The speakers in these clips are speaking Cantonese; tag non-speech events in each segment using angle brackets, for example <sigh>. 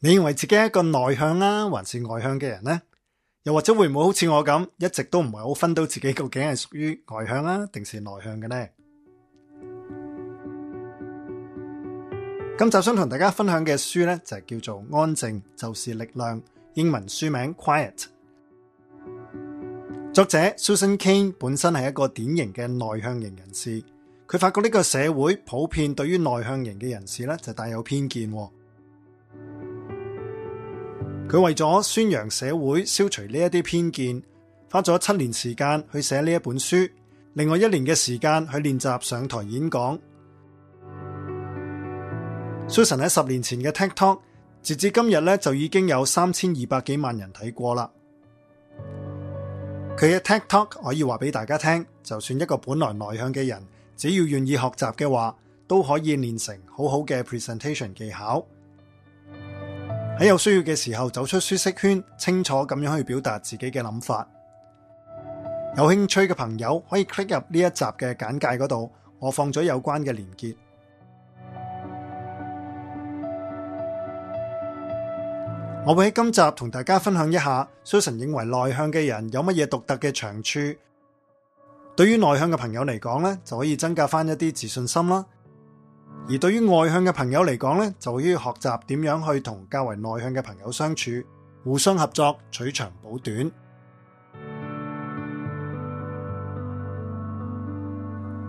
你認為自己係一個內向啦、啊，還是外向嘅人呢？又或者會唔會好似我咁，一直都唔係好分到自己究竟係屬於外向啦、啊，定是內向嘅呢？今集想同大家分享嘅書呢，就係叫做《安靜就是力量》，英文書名《Quiet》。作者 Susan Cain 本身係一個典型嘅內向型人士，佢發覺呢個社會普遍對於內向型嘅人士呢，就帶有偏見。佢為咗宣揚社會消除呢一啲偏見，花咗七年時間去寫呢一本書，另外一年嘅時間去練習上台演講。Susan 喺十年前嘅 TED Talk，直至今日咧就已經有三千二百幾萬人睇過啦。佢嘅 TED Talk 可以話俾大家聽，就算一個本來內向嘅人，只要願意學習嘅話，都可以練成很好好嘅 presentation 技巧。喺有需要嘅時候走出舒適圈，清楚咁樣去表達自己嘅諗法。有興趣嘅朋友可以 click 入呢一集嘅簡介嗰度，我放咗有關嘅連結。我會喺今集同大家分享一下 Susan 認為內向嘅人有乜嘢獨特嘅長處，對於內向嘅朋友嚟講咧，就可以增加翻一啲自信心啦。而對於外向嘅朋友嚟講咧，就要學習點樣去同較為內向嘅朋友相處，互相合作，取長補短。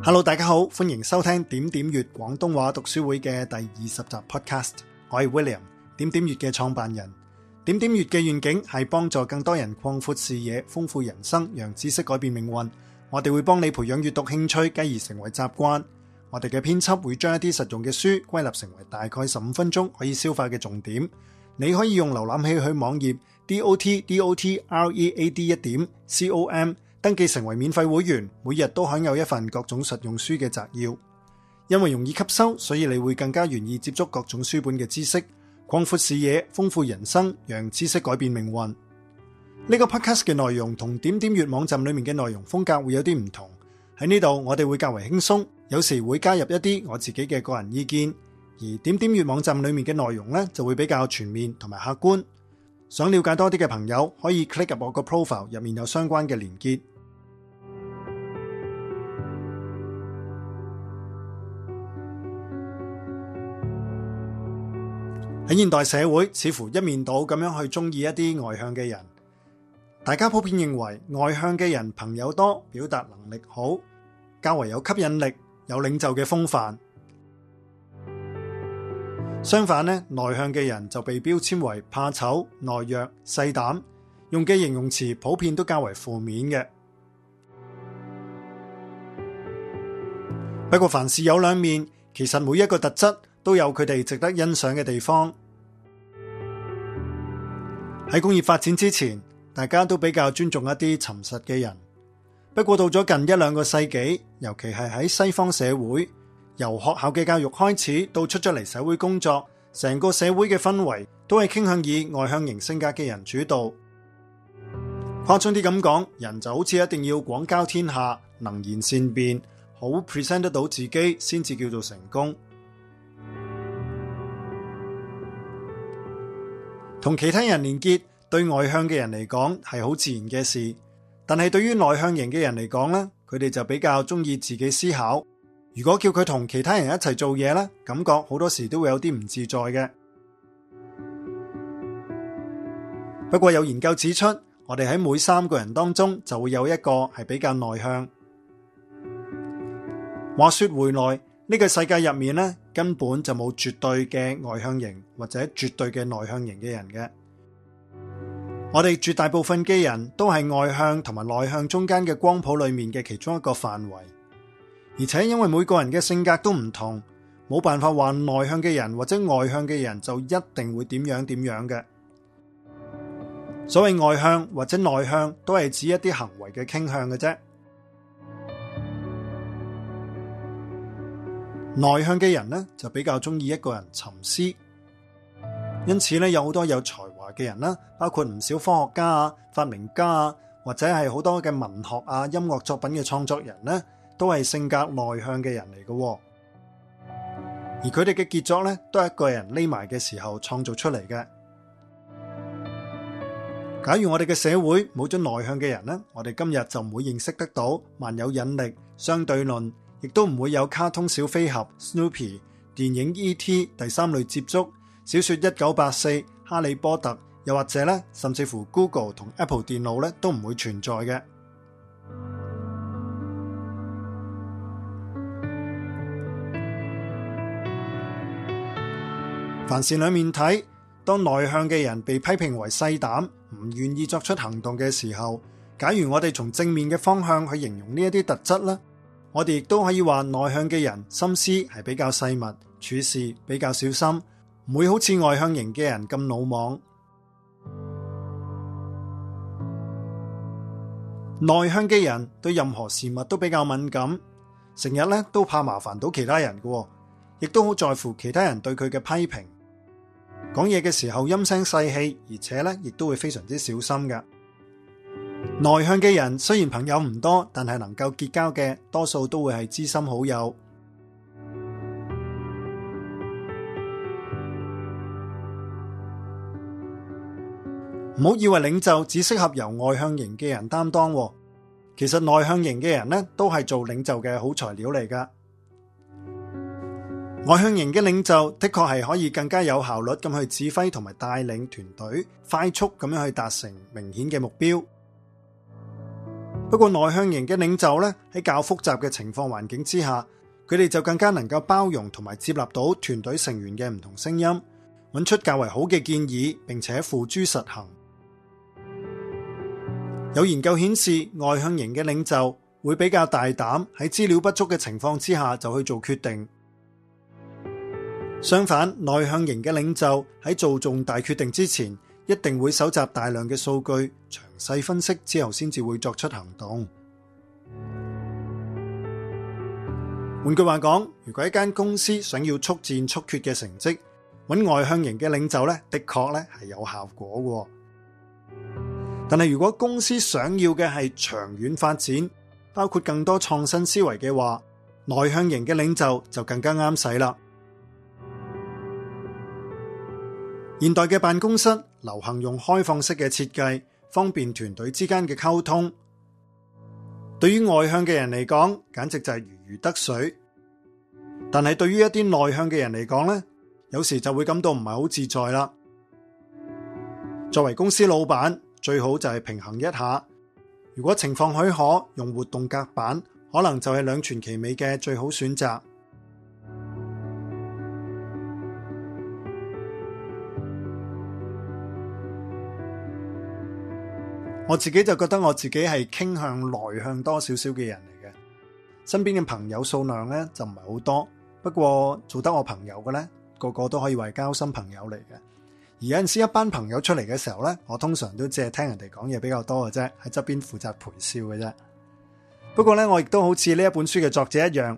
Hello，大家好，歡迎收聽點點閱廣東話讀書會嘅第二十集 podcast。我係 William，點點閱嘅創辦人。點點閱嘅願景係幫助更多人擴闊視野、豐富人生，讓知識改變命運。我哋會幫你培養閱讀興趣，繼而成為習慣。我哋嘅編輯會將一啲實用嘅書歸納成為大概十五分鐘可以消化嘅重點。你可以用瀏覽器去網頁 dotdotread 一點 com 登記成為免費會員，每日都享有一份各種實用書嘅摘要。因為容易吸收，所以你會更加願意接觸各種書本嘅知識，廣闊視野、豐富人生，讓知識改變命運。呢個 podcast 嘅內容同點點閱網站裏面嘅內容風格會有啲唔同。喺呢度，我哋會較為輕鬆。有時會加入一啲我自己嘅個人意見，而點點閱網站裏面嘅內容呢就會比較全面同埋客觀。想了解多啲嘅朋友可以 click 入我個 profile 入面有相關嘅連結。喺 <music> 現代社會，似乎一面倒咁樣去中意一啲外向嘅人。大家普遍認為外向嘅人朋友多，表達能力好，較為有吸引力。有領袖嘅風範，相反咧，內向嘅人就被標籤為怕醜、懦弱、細膽，用嘅形容詞普遍都較為負面嘅。 <music> 不過，凡事有兩面，其實每一個特質都有佢哋值得欣賞嘅地方。喺工業發展之前，大家都比較尊重一啲沉實嘅人，不過到咗近一兩個世紀。尤其係喺西方社會，由學校嘅教育開始到出咗嚟社會工作，成個社會嘅氛圍都係傾向以外向型性格嘅人主導。誇張啲咁講，人就好似一定要廣交天下，能言善辯，好 present 得到自己先至叫做成功。同其他人連結，對外向嘅人嚟講係好自然嘅事，但係對於內向型嘅人嚟講咧，佢哋就比較中意自己思考，如果叫佢同其他人一齊做嘢呢，感覺好多時都會有啲唔自在嘅。不過有研究指出，我哋喺每三個人當中就會有一個係比較內向。話說回來，呢個世界入面呢，根本就冇絕對嘅外向型或者絕對嘅內向型嘅人嘅。我哋絕大部分嘅人都係外向同埋內向中間嘅光譜裏面嘅其中一個範圍，而且因為每個人嘅性格都唔同，冇辦法話內向嘅人或者外向嘅人就一定會點樣點樣嘅。所謂外向或者內向都係指一啲行為嘅傾向嘅啫。內向嘅人呢，就比較中意一個人沉思，因此呢，有好多有才嘅人啦，包括唔少科學家啊、發明家啊，或者係好多嘅文學啊、音樂作品嘅創作人呢都係性格內向嘅人嚟嘅。而佢哋嘅傑作呢，都係一個人匿埋嘅時候創造出嚟嘅。假如我哋嘅社會冇咗內向嘅人呢，我哋今日就唔會認識得到萬有引力、相對論，亦都唔會有卡通小飛俠、Snoopy、電影 E.T. 第三類接觸、小說《一九八四》。哈利波特，又或者咧，甚至乎 Google 同 Apple 電腦咧，都唔會存在嘅。凡事兩面睇，當內向嘅人被批評為細膽，唔願意作出行動嘅時候，假如我哋從正面嘅方向去形容這些呢一啲特質咧，我哋亦都可以話內向嘅人心思係比較細密，處事比較小心。唔會好似外向型嘅人咁魯莽，內向嘅人對任何事物都比較敏感，成日咧都怕麻煩到其他人嘅，亦都好在乎其他人對佢嘅批評。講嘢嘅時候陰聲細氣，而且咧亦都會非常之小心嘅。內向嘅人雖然朋友唔多，但係能夠結交嘅多數都會係知心好友。唔好以為領袖只適合由外向型嘅人擔當，其實內向型嘅人咧都係做領袖嘅好材料嚟㗎。外向型嘅領袖的確係可以更加有效率咁去指揮同埋帶領團隊，快速咁樣去達成明顯嘅目標。不過內向型嘅領袖咧喺較複雜嘅情況環境之下，佢哋就更加能夠包容同埋接納到團隊成員嘅唔同聲音，揾出較為好嘅建議，並且付諸實行。有研究顯示，外向型嘅領袖會比較大膽，喺資料不足嘅情況之下就去做決定。相反，內向型嘅領袖喺做重大決定之前，一定會搜集大量嘅數據，詳細分析之後先至會作出行動。換句話講，如果一間公司想要速戰速決嘅成績，揾外向型嘅領袖呢，的確呢係有效果喎。但係如果公司想要嘅係長遠發展，包括更多創新思維嘅話，內向型嘅領袖就更加啱使啦。現代嘅辦公室流行用開放式嘅設計，方便團隊之間嘅溝通。對於外向嘅人嚟講，簡直就係如魚得水。但係對於一啲內向嘅人嚟講呢，有時就會感到唔係好自在啦。作為公司老闆，最好就係平衡一下，如果情況許可，用活動隔板，可能就係兩全其美嘅最好選擇。我自己就覺得我自己係傾向內向多少少嘅人嚟嘅，身邊嘅朋友數量咧就唔係好多，不過做得我朋友嘅咧，個個都可以為交心朋友嚟嘅。而有陣時一班朋友出嚟嘅時候咧，我通常都只係聽人哋講嘢比較多嘅啫，喺側邊負責陪笑嘅啫。不過咧，我亦都好似呢一本書嘅作者一樣，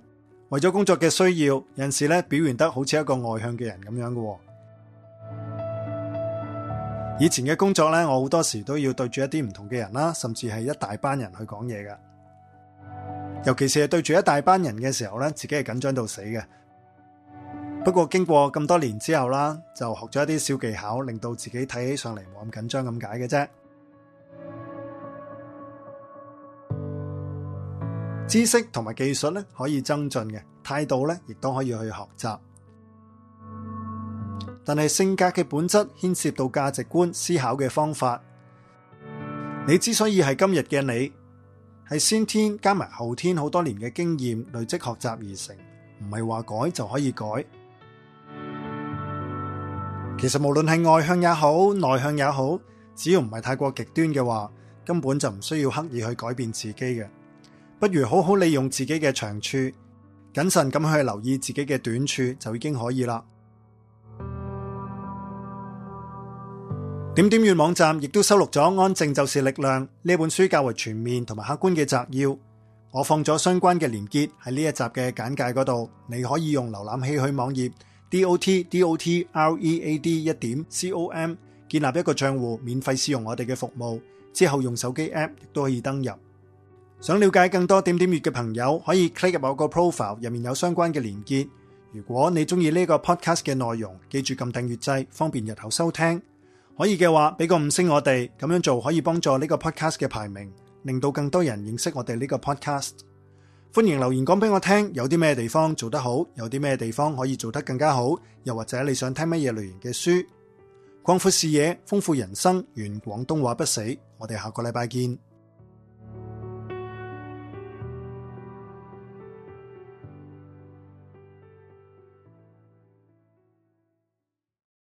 為咗工作嘅需要，有陣時咧表現得好似一個外向嘅人咁樣嘅。以前嘅工作咧，我好多時都要對住一啲唔同嘅人啦，甚至係一大班人去講嘢嘅。尤其是係對住一大班人嘅時候咧，自己係緊張到死嘅。不過經過咁多年之後啦，就學咗一啲小技巧，令到自己睇起上嚟冇咁緊張咁解嘅啫。知識同埋技術咧可以增進嘅，態度咧亦都可以去學習。但係性格嘅本質牽涉到價值觀、思考嘅方法。你之所以係今日嘅你，係先天加埋後天好多年嘅經驗累積學習而成，唔係話改就可以改。其實無論係外向也好，內向也好，只要唔係太過極端嘅話，根本就唔需要刻意去改變自己嘅，不如好好利用自己嘅長處，謹慎咁去留意自己嘅短處就已經可以啦。點點閱網站亦都收錄咗《安靜就是力量》呢本書較為全面同埋客觀嘅摘要，我放咗相關嘅連結喺呢一集嘅簡介嗰度，你可以用瀏覽器去網頁。dot dot read 一點 com 建立一個賬戶，免費試用我哋嘅服務，之後用手機 app 亦都可以登入。想了解更多點點閱嘅朋友，可以 click 入我個 profile 入面有相關嘅連結。如果你中意呢個 podcast 嘅內容，記住撳訂閱掣，方便日後收聽。可以嘅話，俾個五星我哋，咁樣做可以幫助呢個 podcast 嘅排名，令到更多人認識我哋呢個 podcast。歡迎留言講俾我聽，有啲咩地方做得好，有啲咩地方可以做得更加好，又或者你想聽乜嘢類型嘅書。擴闊視野，豐富人生，願廣東話不死。我哋下個禮拜見。